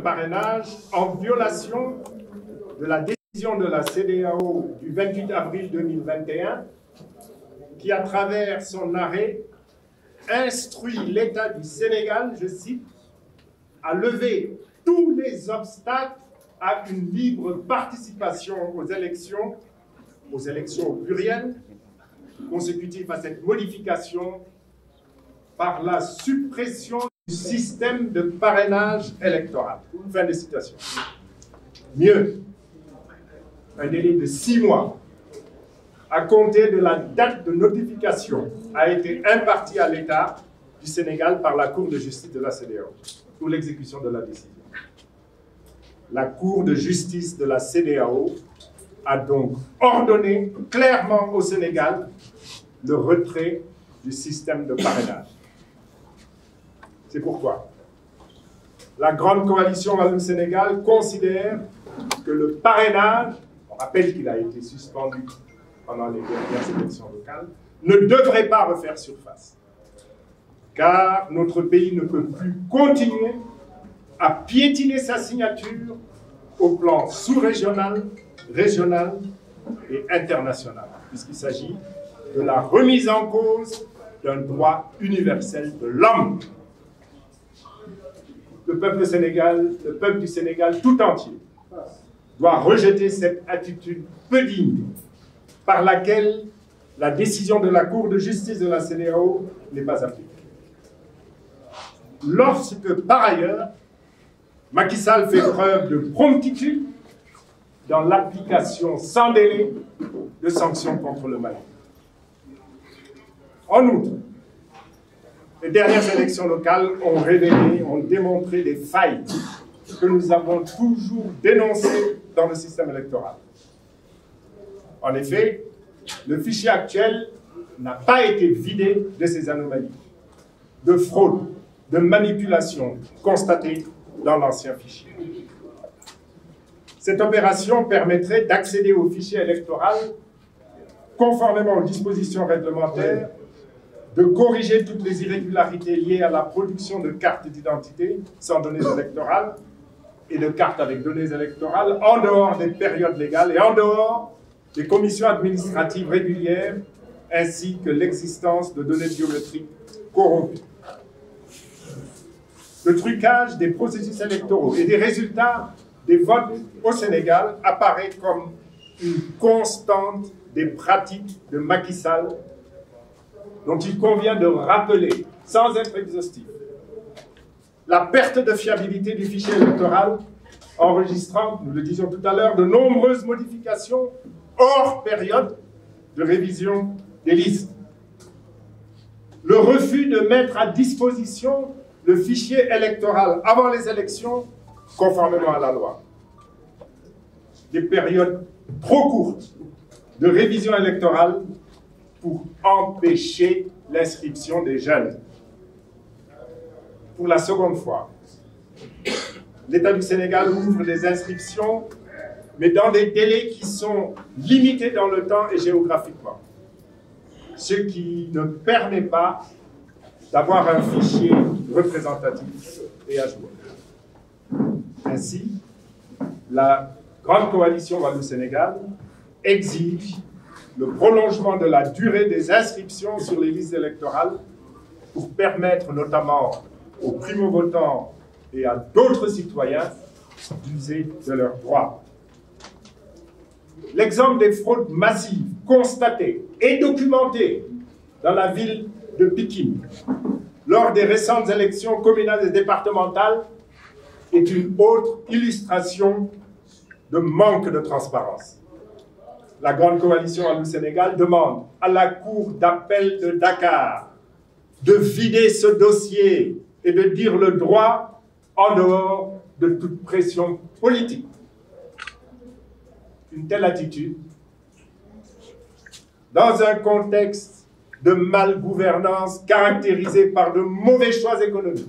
parrainage en violation de la décision de la CDAO du 28 avril 2021 qui, à travers son arrêt, instruit l'État du Sénégal, je cite, à lever tous les obstacles à une libre participation aux élections, aux élections plurielles, consécutives à cette modification par la suppression du système de parrainage électoral. Fin de citation. Mieux, un délai de six mois à compter de la date de notification a été imparti à l'État du Sénégal par la Cour de justice de la CDAO pour l'exécution de la décision. La Cour de justice de la CDAO a donc ordonné clairement au Sénégal le retrait du système de parrainage. C'est pourquoi la Grande Coalition Wallon-Sénégal considère que le parrainage, on rappelle qu'il a été suspendu pendant les dernières élections locales, ne devrait pas refaire surface. Car notre pays ne peut plus continuer à piétiner sa signature au plan sous-régional, régional et international, puisqu'il s'agit de la remise en cause d'un droit universel de l'homme le peuple, du Sénégal, le peuple du Sénégal tout entier doit rejeter cette attitude peu digne par laquelle la décision de la Cour de justice de la CEDEAO n'est pas appliquée. Lorsque, par ailleurs, Macky Sall fait preuve de promptitude dans l'application sans délai de sanctions contre le Mali. En outre, les dernières élections locales ont révélé, ont démontré des failles que nous avons toujours dénoncées dans le système électoral. En effet, le fichier actuel n'a pas été vidé de ces anomalies, de fraudes, de manipulations constatées dans l'ancien fichier. Cette opération permettrait d'accéder au fichier électoral conformément aux dispositions réglementaires de corriger toutes les irrégularités liées à la production de cartes d'identité sans données électorales et de cartes avec données électorales en dehors des périodes légales et en dehors des commissions administratives régulières ainsi que l'existence de données biométriques corrompues. Le trucage des processus électoraux et des résultats des votes au Sénégal apparaît comme une constante des pratiques de Macky dont il convient de rappeler, sans être exhaustif, la perte de fiabilité du fichier électoral, enregistrant, nous le disions tout à l'heure, de nombreuses modifications hors période de révision des listes. Le refus de mettre à disposition le fichier électoral avant les élections, conformément à la loi. Des périodes trop courtes de révision électorale pour empêcher l'inscription des jeunes. Pour la seconde fois, l'État du Sénégal ouvre des inscriptions, mais dans des délais qui sont limités dans le temps et géographiquement. Ce qui ne permet pas d'avoir un fichier représentatif et à jour. Ainsi, la Grande Coalition du sénégal exige le prolongement de la durée des inscriptions sur les listes électorales pour permettre notamment aux primo-votants et à d'autres citoyens d'user de leurs droits. L'exemple des fraudes massives constatées et documentées dans la ville de Pékin lors des récentes élections communales et départementales est une autre illustration de manque de transparence la Grande Coalition à Sénégal demande à la Cour d'appel de Dakar de vider ce dossier et de dire le droit en dehors de toute pression politique. Une telle attitude, dans un contexte de malgouvernance caractérisée par de mauvais choix économiques,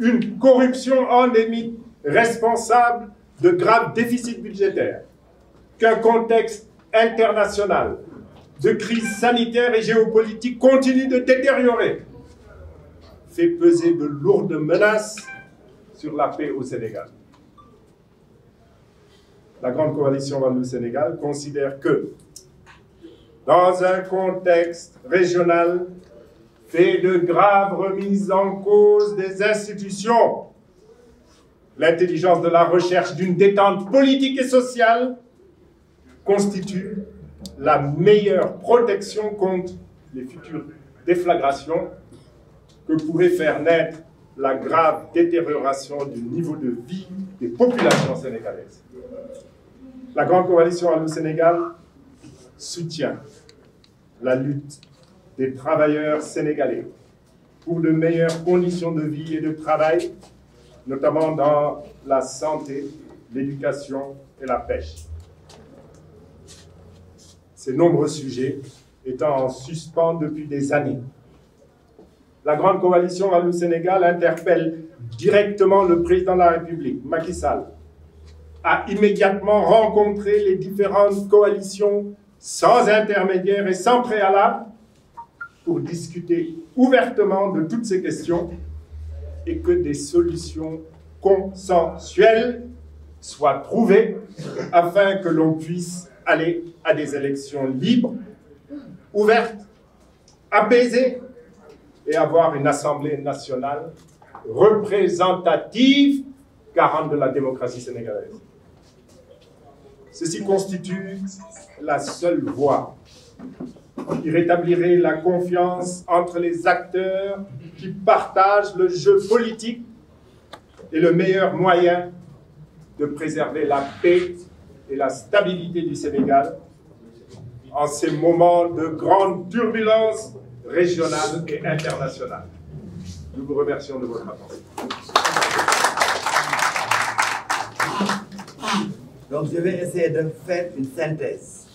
une corruption endémique responsable de graves déficits budgétaires, qu'un contexte international de crise sanitaire et géopolitique continue de détériorer fait peser de lourdes menaces sur la paix au Sénégal. La Grande Coalition Wallou Sénégal considère que, dans un contexte régional fait de graves remises en cause des institutions, l'intelligence de la recherche d'une détente politique et sociale constitue la meilleure protection contre les futures déflagrations que pourrait faire naître la grave détérioration du niveau de vie des populations sénégalaises. La Grande Coalition au Sénégal soutient la lutte des travailleurs sénégalais pour de meilleures conditions de vie et de travail, notamment dans la santé, l'éducation et la pêche ces nombreux sujets étant en suspens depuis des années. La Grande Coalition à le Sénégal interpelle directement le président de la République, Macky Sall, a immédiatement rencontré les différentes coalitions sans intermédiaire et sans préalable pour discuter ouvertement de toutes ces questions et que des solutions consensuelles soient trouvées afin que l'on puisse aller à des élections libres, ouvertes, apaisées et avoir une Assemblée nationale représentative garante de la démocratie sénégalaise. Ceci constitue la seule voie qui rétablirait la confiance entre les acteurs qui partagent le jeu politique et le meilleur moyen de préserver la paix et la stabilité du Sénégal en ces moments de grande turbulence régionale et internationale. Nous vous remercions de votre attention. Donc je vais essayer de faire une synthèse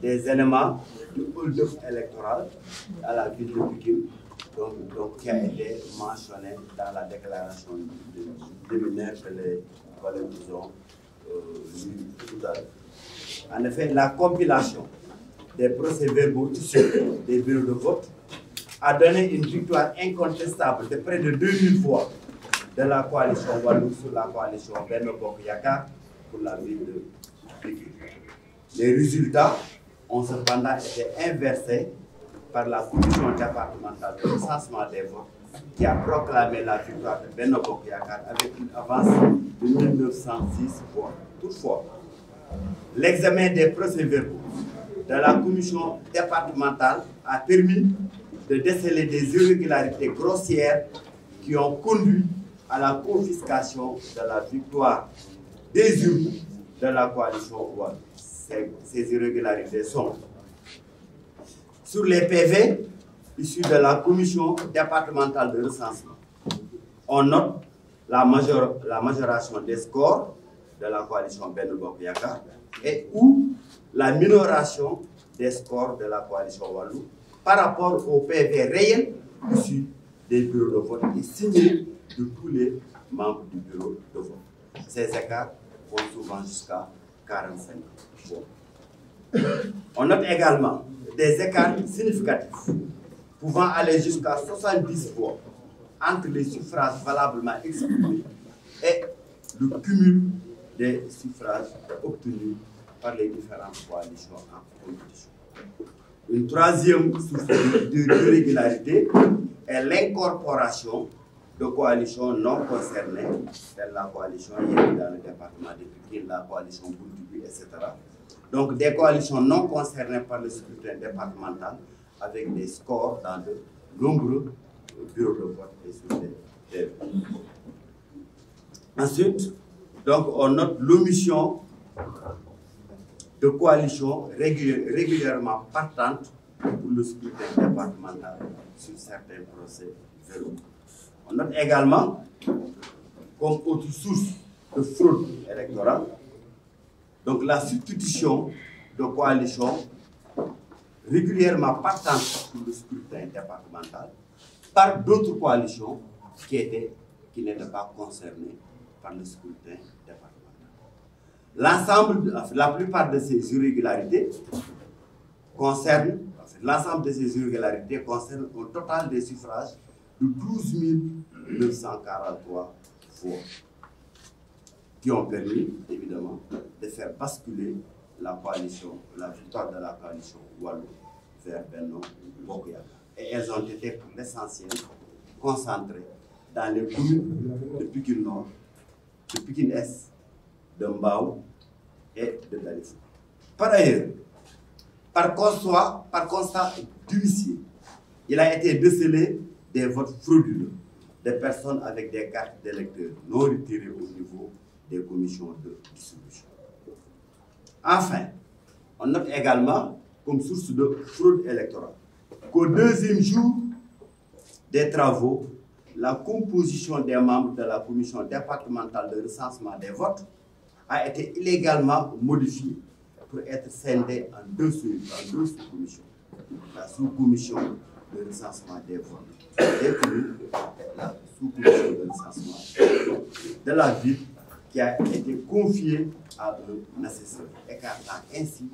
des éléments du hold électoral à la ville de Pékin, donc, qui a été mentionné dans la déclaration de, de, de les euh, en effet, la compilation des procès-verbaux issus des bureaux de vote a donné une victoire incontestable de près de 2000 voix de la coalition Wallou sur la coalition Benobok Yaka pour la ville de Pékin. Les résultats ont cependant été inversés par la commission départementale de recensement des votes qui a proclamé la victoire de Benoît Yakar avec une avance de 1906 voix. Toutefois, l'examen des procès-verbaux de la commission départementale a permis de déceler des irrégularités grossières qui ont conduit à la confiscation de la victoire des urnes de la coalition ces irrégularités sont sur les PV issus de la commission départementale de recensement. On note la, majoration des scores de la coalition Ben et ou la minoration des scores de la coalition Wallou par rapport aux PV réels issus des bureaux de vote et signés de tous les membres du bureau de vote. Ces écarts vont souvent jusqu'à 45 On note également des écarts significatifs, pouvant aller jusqu'à 70 voix entre les suffrages valablement exprimés et le cumul des suffrages obtenus par les différentes coalitions en Une troisième source de régularité est l'incorporation de coalitions non concernées, telles la coalition dans le département de Pékin, la coalition Bourdieu, etc., donc des coalitions non concernées par le scrutin départemental avec des scores dans de nombreux bureaux de vote et sur Ensuite, donc on note l'omission de coalitions régulièrement partantes pour le scrutin départemental sur certains procès On note également comme autre source de fraude électorale donc la substitution de coalitions régulièrement partant pour le scrutin départemental par d'autres coalitions qui étaient, qui n'étaient pas concernées par le scrutin départemental. L'ensemble, la plupart de ces irrégularités concernent, l'ensemble de ces irrégularités concernent au total des suffrages de 12 943 voix qui ont permis, évidemment, de faire basculer la coalition, la victoire de la coalition Wallou vers Benoît Bokoyaka. Et elles ont été pour l'essentiel concentrées dans les communes de Pékin Nord, de Pékin Est, de Mbao et de Dalisson. Par ailleurs, par constat, par constat d'huissier, il a été décelé des votes frauduleux des personnes avec des cartes d'électeurs non retirées au niveau des commissions de distribution. Enfin, on note également comme source de fraude électorale qu'au deuxième jour des travaux, la composition des membres de la commission départementale de recensement des votes a été illégalement modifiée pour être scindée en deux sous-commissions. La sous-commission de recensement des votes et la sous-commission de recensement de la ville qui a été confiée à un assesseur, ainsi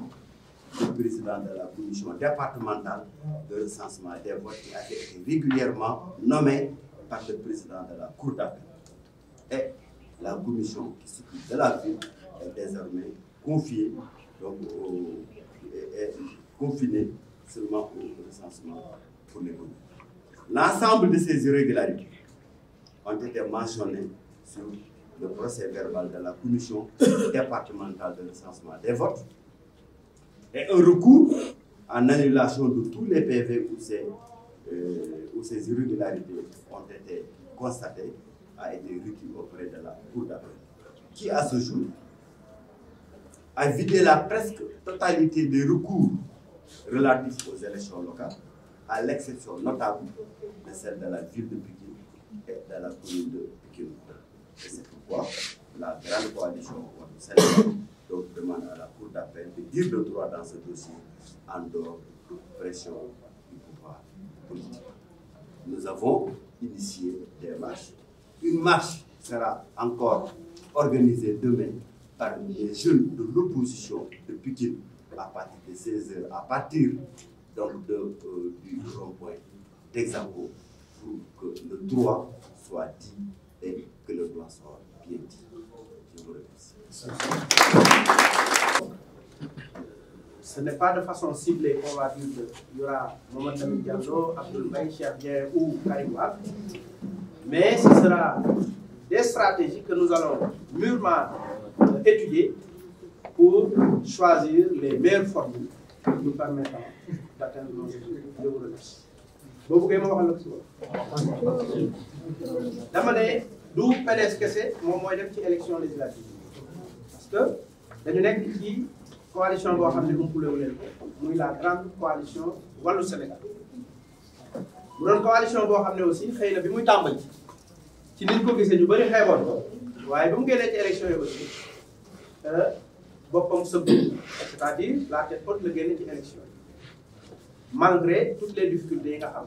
le président de la commission départementale de recensement des votes qui a été régulièrement nommé par le président de la Cour d'appel. Et la commission qui s'occupe de la ville est désormais confiée, donc, confinée seulement au recensement pour les L'ensemble de ces irrégularités ont été mentionnées sur le procès verbal de la commission départementale de recensement des votes et un recours en annulation de tous les PV où ces, euh, où irrégularités ont été constatées a été requis auprès de la Cour d'appel, qui à ce jour a vidé la presque totalité des recours relatifs aux élections locales, à l'exception notable de celle de la ville de Pékin et de la commune de Pékin la grande coalition donc demande à la Cour d'appel de dire le droit dans ce dossier en dehors de pression du pouvoir politique. Nous avons initié des marches. Une marche sera encore organisée demain par les jeunes de l'opposition de Pékin à partir de 16h, à partir donc de, euh, du rond-point pour que le droit soit dit et que le droit soit ce n'est pas de façon ciblée qu'on va dire qu'il y aura Mohamed Amin Diallo, Abdul ou Karim mais ce sera des stratégies que nous allons mûrement euh, étudier pour choisir les meilleures formules nous permettant d'atteindre nos objectifs. Je vous remercie du PDS kese moom mooy ci élection législative parce que dañu nekk ci coalition boo xam ne umpulewu leen ko muy la grande coalition wàllu Sénégal mu doon coalition boo xam ne aussi xëy na bi muy tàmbali ci niñ ko gisee ñu bëri xeeboon ko waaye ba mu génnee ci élection yi aussi euh, boppam c'est-à-dire la tête haute le génne ci élection malgré toutes les difficultés yi nga xam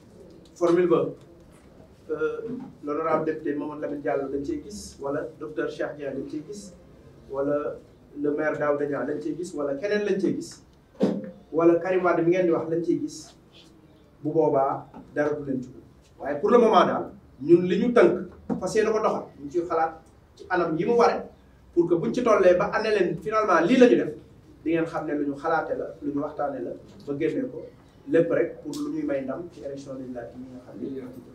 formule ba l'honorable député mamad Lamine Diallo dañ cee gis wala docteur Cheikh Dieng dañ cee gis wala le maire Daouda Niang dañ cee gis wala keneen lañ cee gis wala Karim Wade mi ngeen di wax lañ cee gis bu boba dara du leen tudd waye pour le moment dal ñun liñu tank fassé fas ko doxal ñu ci xalaat ci anam yi mu ware pour que buñ ci tollé ba année leen finalement li lañu def di ngeen xamné luñu xalaate la luñu waxtané la ba génné ko lépp rek pour lu ñuy may ndam ci élection législative yi nga xam